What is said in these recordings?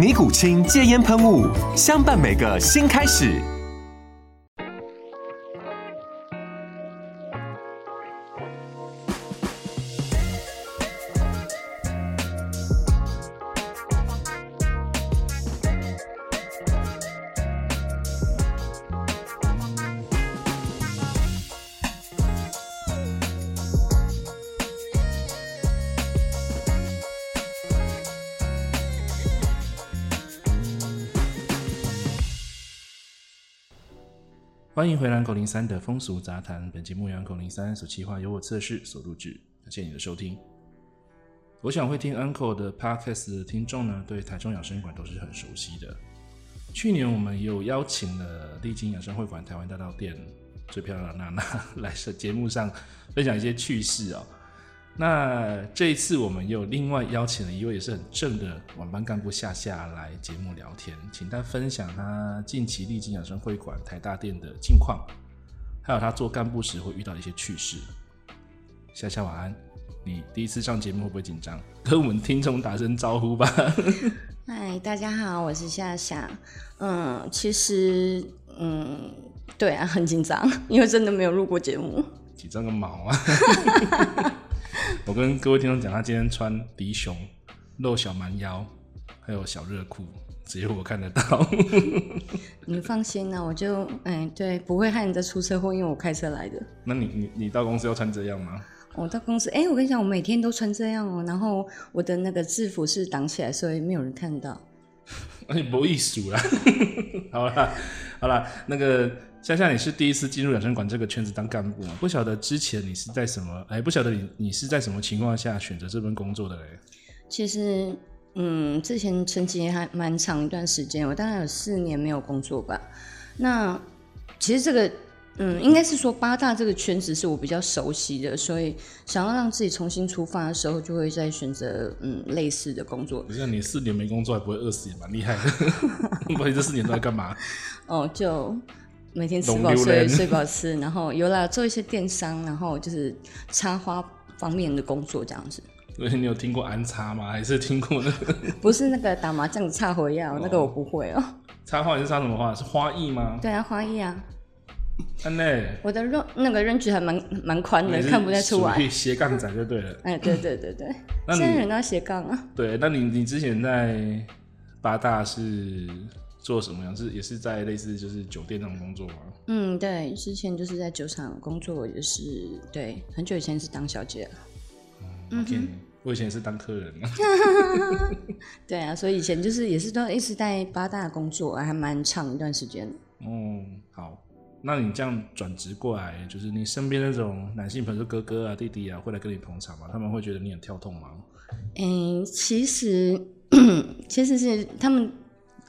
尼古清戒煙噴霧，相伴每個新開始。歡迎回《Uncle03》的風俗雜談，本節目由 Uncle03 所企劃、由我策士、所錄製，感謝你的收聽。我想會聽 Uncle 的 Podcast 聽眾呢，對台中養生館都是很熟悉的。去年我們有邀請了麗晶養生會館台灣大道店最漂亮的娜娜來節目上分享一些趣事啊。那這一次，我們又另外邀請了一位也是很正的晚班幹部夏夏來節目聊天，請他分享他近期儷晶養生會館台大店的近況，還有他做幹部時會遇到的一些趣事。夏夏晚安，你第一次上節目會不會緊張？跟我們聽眾打聲招呼吧。嗨，大家好，我是夏夏。嗯，其實，嗯，對啊，很緊張，因為真的沒有錄過節目，緊張個毛啊！ 我跟各位聽眾講，他今天穿低胸，露小蠻腰，還有小熱褲，只有我看得到。 你放心啦，啊，我就哎、欸、對，不會害你再出車禍，因為我開車來的。那你你你到公司要穿這樣嗎？我、哦、到公司哎、欸，我跟你講，我每天都穿這樣哦。然後我的那個制服是擋起來，所以沒有人看到。那你不易數了啦 好啦，好啦，那個。夏夏，你是第一次進入養生館這個圈子當幹部嗎？不曉得之前你是在什麼？哎、欸，不曉得你你是在什麼情況下選擇這份工作的嘞？其實，嗯，之前曾經還蠻長一段時間，我大概有四年沒有工作吧。那其實這個，嗯，應該是說八大這個圈子是我比較熟悉的，所以想要讓自己重新出發的時候，就會再選擇嗯類似的工作。是你四年沒工作還不會餓死也蠻厲害的，不然 這四年都在幹嘛？ 哦，就。每天吃飽睡睡飽吃，然後有啦做一些電商，然後就是插花方面的工作這樣子。所以你有聽過安插嗎？還是聽過那個？不是那個打麻將的插花呀，喔、那個我不會哦、喔。插花你是插什麼花？是花藝嗎？對啊，花藝啊。安內，我的認那個 range 還蠻蠻寬的，看不太出來。斜槓仔就對了。哎，欸、對對對對。 那現在人都要斜槓啊。對，那你你之前在八大是？做什麼樣？是也是在類似就是酒店那種工作嗎？嗯，對，之前就是在酒廠工作，也是對，很久以前是當小姐了。嗯，我，嗯哼我以前也是當客人。啊。 對啊，所以以前就是也是都一直在八大的工作，啊，還蠻長一段時間。哦、嗯，好，那你這樣轉職過來，就是你身邊那種男性朋友哥哥啊、弟弟啊，會來跟你捧場嗎？他們會覺得你很跳痛嗎？嗯、欸，其實 其實是他們。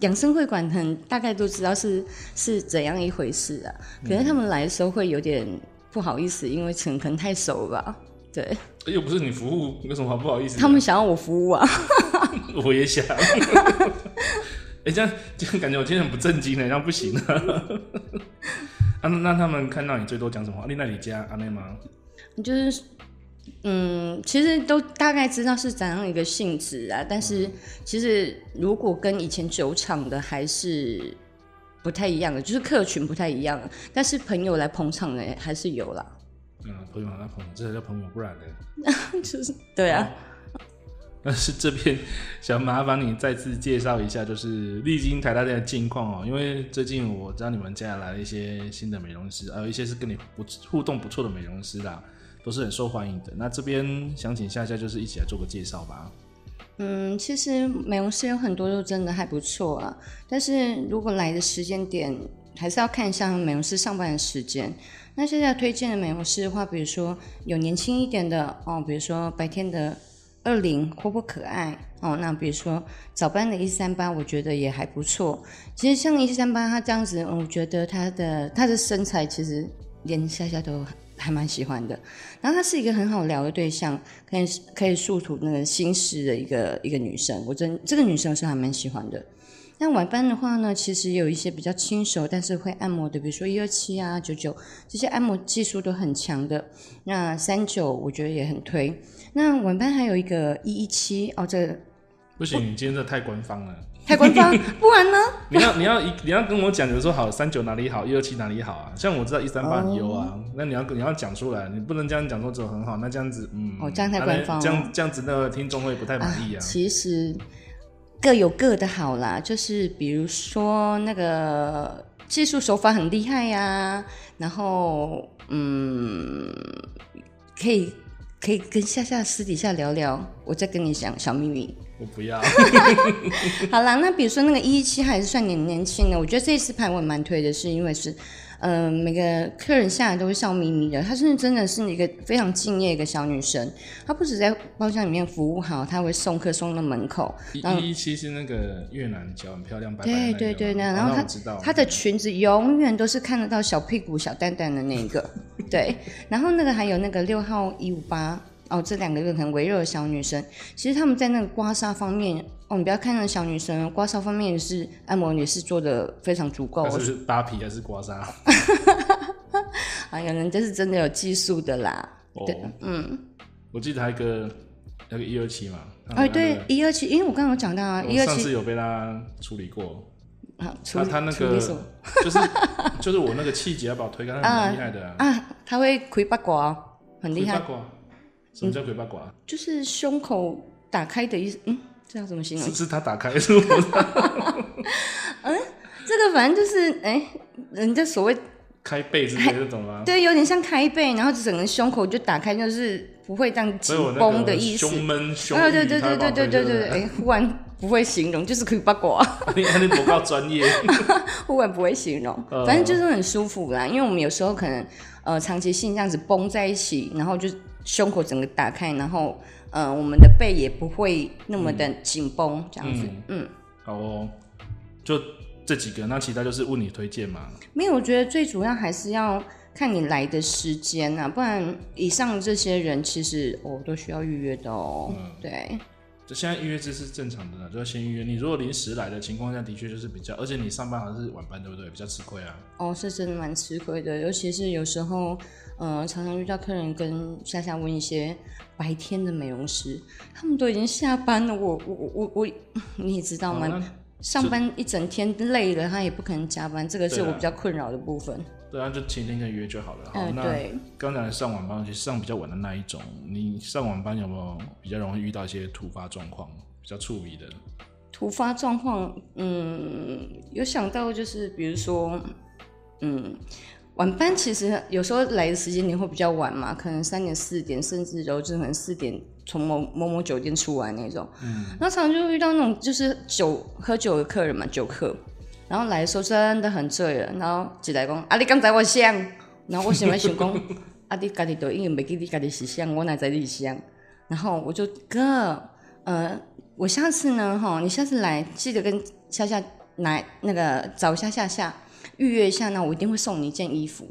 養生會館，很大概都知道是是怎樣一回事啊。嗯、可能他們來的時候會有點不好意思，因為可能太熟了吧。對、欸。又不是你服務，有什麼好不好意思、啊？他們想要我服務啊。 我也想。哎、 欸，這樣感覺我今天很不正經呢，這樣不行啊。 啊那那他們看到你最多講什麼？麗奈你家阿妹嗎？你就是。嗯，其實都大概知道是怎樣一個性質啊，但是其實如果跟以前酒廠的還是不太一樣的，就是客群不太一樣，但是朋友來捧場的、欸、還是有啦。嗯，朋友來捧場，這才叫捧，不然呢，欸？ 就是對啊、嗯。但是這邊想麻煩你再次介紹一下，就是儷晶台大店的近況哦、喔，因為最近我知道你們接下來一些新的美容師，還有一些是跟你不互動不錯的美容師啦。都是很受歡迎的。那這邊想請夏夏就是一起來做個介紹吧！嗯，其實美容師有很多都真的還不錯啊。但是如果來的時間點，還是要看一下美容師上班的時間。那現在推薦的美容師的話，比如說有年輕一點的哦，比如說白天的二零活潑可愛哦，那比如說早班的一三八，我覺得也還不錯。其實像一三八他這樣子，嗯，我覺得他的他的身材其實連夏夏都很。還蠻喜歡的，然後她是一個很好聊的對象，可以可以訴吐那個心事的一個一個女生，我真這個女生是還蠻喜歡的。那晚班的話呢，其實也有一些比較輕熟，但是會按摩的，比如說一二七啊、九九這些按摩技術都很強的。那三九我覺得也很推。那晚班還有一個一一七哦，這個，不行，哦，你今天這太官方了。太官方，不然呢 你？你要你要一你要跟我講，比如說好三九哪裡好，一二七哪裡好啊？像我知道一三八有啊，哦、那你要你要講出來，你不能這樣講說只好很好，那這樣子嗯，哦，這樣太官方，這樣這樣子那個聽眾會不太滿意啊，啊。其實各有各的好啦，就是比如說那個技術手法很厲害呀、啊，然後嗯，可以可以跟夏夏私底下聊聊，我再跟你講小秘密。我不要。 好啦，那比如說那個一一七還是算年年輕的，我覺得這一次排位蠻推的是，是因為是、呃，每個客人下來都會笑眯眯的，她是真的是一個非常敬業的一個小女生，她不止在包廂裡面服務好，她還會送客送到門口。一一七是那個越南，腳很漂亮，白的。對對對，白白那然後她然後，她的裙子永遠都是看得到小屁股、小蛋蛋的那個。 對，然後那個還有那個六號一五八。哦，這兩個月可能微弱的小女生。其實他們在那個刮痧方面，哦，你不要看那個小女生，刮痧方面是按摩也是做的非常足夠、啊。那是扒皮還是刮痧？哎呀、 啊，有人家是真的有技術的啦。哦對，嗯，我記得還有一個，那個一二七嘛。哎、那個哦，對，一二七，因為我剛剛有講到啊，一二七上次有被他處理過。啊，處理他，他那個理 就是就是我那個氣節要把我推開，他很厲害的啊，啊，啊，他會推八、哦、八卦，很厲害。什麼叫鬼八卦、嗯？就是胸口打開的意思。嗯，這樣怎麼形容？是它打開，是嗎？嗯，這個反正就是，哎、欸，人家所謂開背是這種嗎、啊？對，有點像開背，然後整個胸口就打開，就是不會這樣緊繃的意思。胸悶，胸悶。欸、對,對,對對對對對對對對，哎、欸，忽然不會形容，就是鬼八卦。你你比較專業。忽然不會形容，呃、反正就是很舒服啦。因為我們有時候可能呃，長期性這樣子繃在一起，然後就。胸口整個打開，然後，嗯、呃，我們的背也不會那麼的緊繃，嗯、這樣子，嗯。好哦，就這幾個，那其他就是問你推薦嗎？沒有，我覺得最主要還是要看你來的時間啊，不然以上這些人其實我、哦、都需要預約的哦，嗯、對。現在預約這是正常的，就要先預約。你如果臨時來的情況下的確就是比較，而且你上班好像是晚班，對不對？比較吃虧啊。哦，是真的蠻吃虧的，尤其是有時候，呃，常常遇到客人跟夏夏問一些白天的美容師，他們都已經下班了。我我我我，你也知道嗎？哦，上班一整天累了，他也不可能加班。這個是我比較困擾的部分。對啊，就提前一天約就好了。好，嗯、對，那剛才上晚班，其實上比較晚的那一種，你上晚班有沒有比較容易遇到一些突發狀況，比較處理的？突發狀況，嗯，有想到就是，比如說，嗯，晚班其實有時候來的時間你會比較晚嘛，可能三點、四點，甚至有時候就可能四點從某某某酒店出來那種。嗯，那常常就遇到那種就是酒喝酒的客人嘛，酒客。然後來的時候真的很醉了，然後就來講，啊，你剛才我想，然後我心裡想想講， 啊，你家己抖音沒給你家己是誰，我哪在你是誰？然後我就哥，嗯、呃，我下次呢，哈，你下次來記得跟夏夏來那個找一下夏夏預約一下，那我一定會送你一件衣服。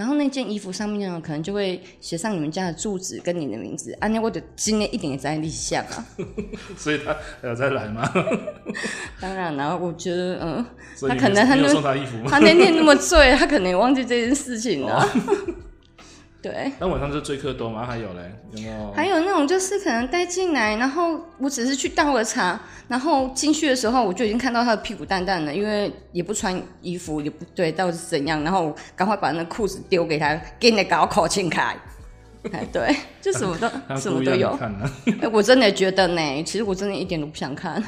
然後那件衣服上面呢，可能就會寫上你們家的住址跟你的名字。安妮我就今天一點也在立像啊， 所以他還要再來嗎？ 當然，然後我覺得，嗯，他可能他他， 他那天那麼醉，他可能也忘記這件事情了，啊。哦 對，那晚上是醉客多嗎？還有嘞，有沒有？還有那種就是可能帶進來，然後我只是去倒了茶，然後進去的時候我就已經看到他的屁股蛋蛋了，因為也不穿衣服也不對，到底是怎樣？然後趕快把那褲子丟給他，給你搞口清開。哎， 對，就什麼都 什麼都有。看啊、 我真的覺得呢，其實我真的一點都不想看。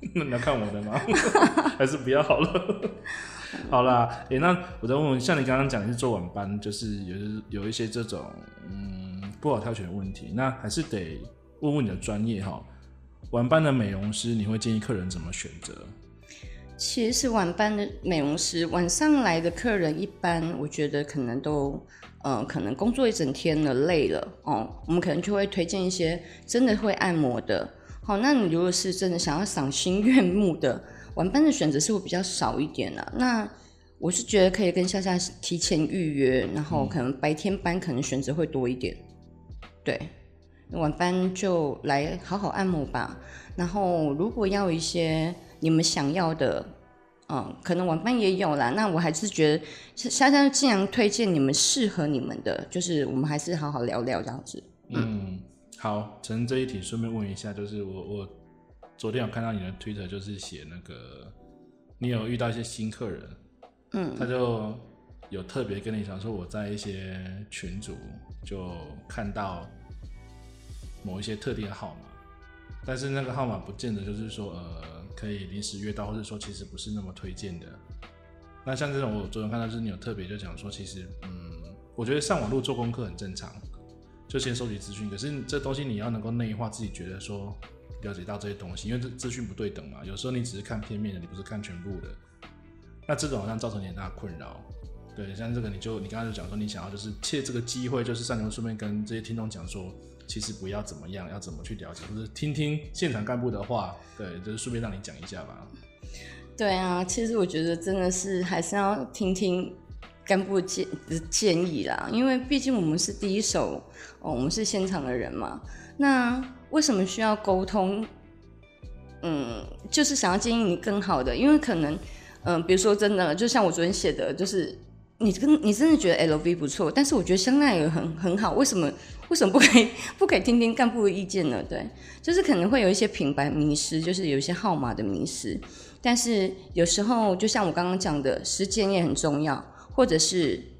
你要看我的嗎？ 還是不要好了？ 好啦，哎、欸，那我再問問，像你剛剛講的是做晚班，就是有有一些這種嗯不好挑選的問題，那還是得問問你的專業哈。晚班的美容師，你會建議客人怎麼選擇？其實晚班的美容師，晚上來的客人一般，我覺得可能都嗯、呃，可能工作一整天了累了哦，我們可能就會推薦一些真的會按摩的。好、哦，那你如果是真的想要賞心悅目的。晚班的選擇是會比較少一點啊，那我是覺得可以跟夏夏提前預約，然後可能白天班可能選擇會多一點。嗯、對，那晚班就來好好按摩吧。然後如果要一些你們想要的，嗯，可能晚班也有啦。那我還是覺得夏夏就盡量推薦你們適合你們的，就是我們還是好好聊聊這樣子。嗯，嗯好，從這一題順便問一下，就是我我。昨天有看到你的推特，就是寫那個，你有遇到一些新客人，嗯，他就有特別跟你講說，我在一些群組就看到某一些特定的號碼，但是那個號碼不見得就是說呃可以臨時約到，或者說其實不是那麼推薦的。那像這種我昨天看到，就是你有特別就講說，其實嗯，我覺得上網路做功課很正常，就先收集資訊，可是這東西你要能夠內化，自己覺得說。了解到這些東西，因為這資訊不對等嘛，有時候你只是看片面的，你不是看全部的，那這種好像造成你很大的困擾。對，像這個你就你剛剛就講說，你想要就是借這個機會，就是上節目順便跟這些聽眾講說，其實不要怎麼樣，要怎麼去了解，或者聽聽現場幹部的話。對，就是順便讓你講一下吧。對啊，其實我覺得真的是還是要聽聽幹部的建的建議啦，因為畢竟我們是第一手，哦，我們是現場的人嘛，那。為什麼需要溝通？嗯，就是想要建議你更好的，因為可能，嗯、呃，比如說真的，就像我昨天寫的，就是你跟你真的覺得 LV 不錯，但是我覺得香奈兒很很好，為什麼為什麼不可以不可以聽聽幹部的意見呢？對，就是可能會有一些品牌迷失，就是有一些號碼的迷失，但是有時候就像我剛剛講的，時間也很重要，或者是。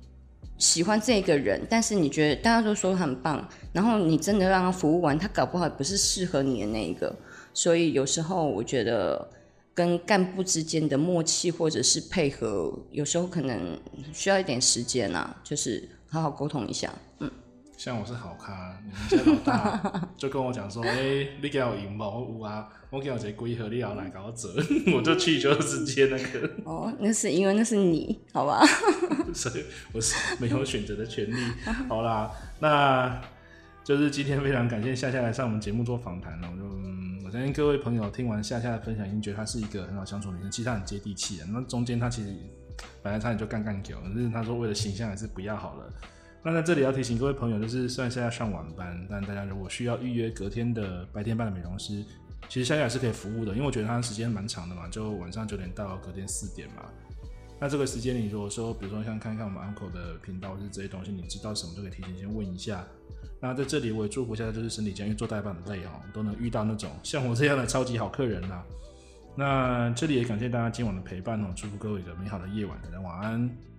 喜歡這個人，但是你覺得大家都說他很棒，然後你真的讓他服務完，他搞不好不是適合你的那一個。所以有時候我覺得跟幹部之間的默契或者是配合，有時候可能需要一點時間啊，就是好好溝通一下。嗯，像我是好咖，你們家老大就跟我講說：“哎、 欸，你給我贏吧，我無啊，我個給我這規殼你要來搞折。 ”我就去就是直接那個。 哦，那是因為那是你，好吧。所以我是沒有選擇的權利。 好啦，那就是今天非常感謝夏夏來上我們節目做訪談了。我就我相信各位朋友聽完夏夏的分享，已經覺得她是一個很好的相處女生，其實她很接地氣的啊。那中間她其實本來差點就幹幹掉，但是她說為了形象還是不要好了。那在這裡要提醒各位朋友，就是雖然夏夏上晚班，但大家如果需要預約隔天的白天班的美容師，其實夏夏也是可以服務的，因為我覺得她時間蠻長的嘛，就晚上九點到隔天四點嘛。那這個時間你如果說比如說想看一看我們 Uncle 的頻道就是這些東西，你知道什麼都可以提前先問一下。那在這裡我也祝福一下，就是身體健，做代辦的累哦，都能遇到那種像我這樣的超級好客人啦，啊。那這裡也感謝大家今晚的陪伴哦，祝福各位一個美好的夜晚，大家晚安。